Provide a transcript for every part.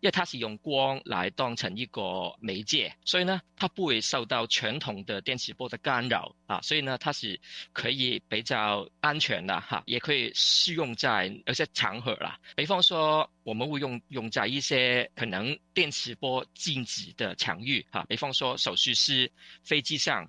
因為它是用光來當成一個媒介，所以呢，它不會受到傳統的電磁波的干擾啊，所以呢，它是可以比較安全的哈、啊，也可以適用在有些場合啦。比方說我們會用用在一些可能電磁波禁止的場域哈、啊，比方說手術室、飛機上。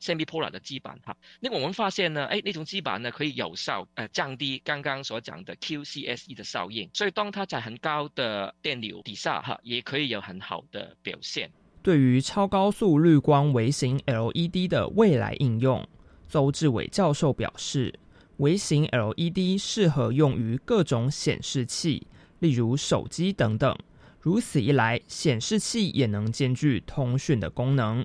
semipolar 的基板哈，那我們發現呢，誒、哎、那種基板呢可以有效呃降低剛剛所講的 Q C S E 的效應，所以當它在很高的電流底下哈，也可以有很好的表現。對於超高速綠光微型 LED 的未來應用，鄒志偉教授表示，微型 LED 適合用於各種顯示器，例如手機等等，如此一來，顯示器也能兼具通訊的功能。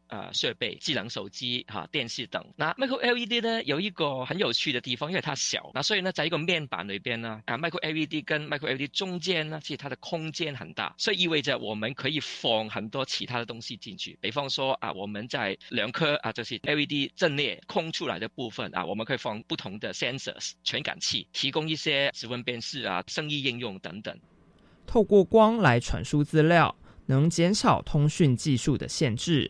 啊、呃，設備、智能手機、哈、啊、電視等。那、啊、micro L E D 呢，有一個很有趣的地方，因為它小，那、啊、所以呢，在一個面板裏邊呢，啊 micro L E D 跟 micro L E D 中間呢，其實它的空間很大，所以意味着我們可以放很多其他的東西進去。比方說啊，我們在兩顆啊，就是 L E D 陣列空出來的部分啊，我們可以放不同的 sensors 傳感器，提供一些指紋辨識啊、聲音應用等等。透過光來傳輸資料，能減少通訊技術的限制。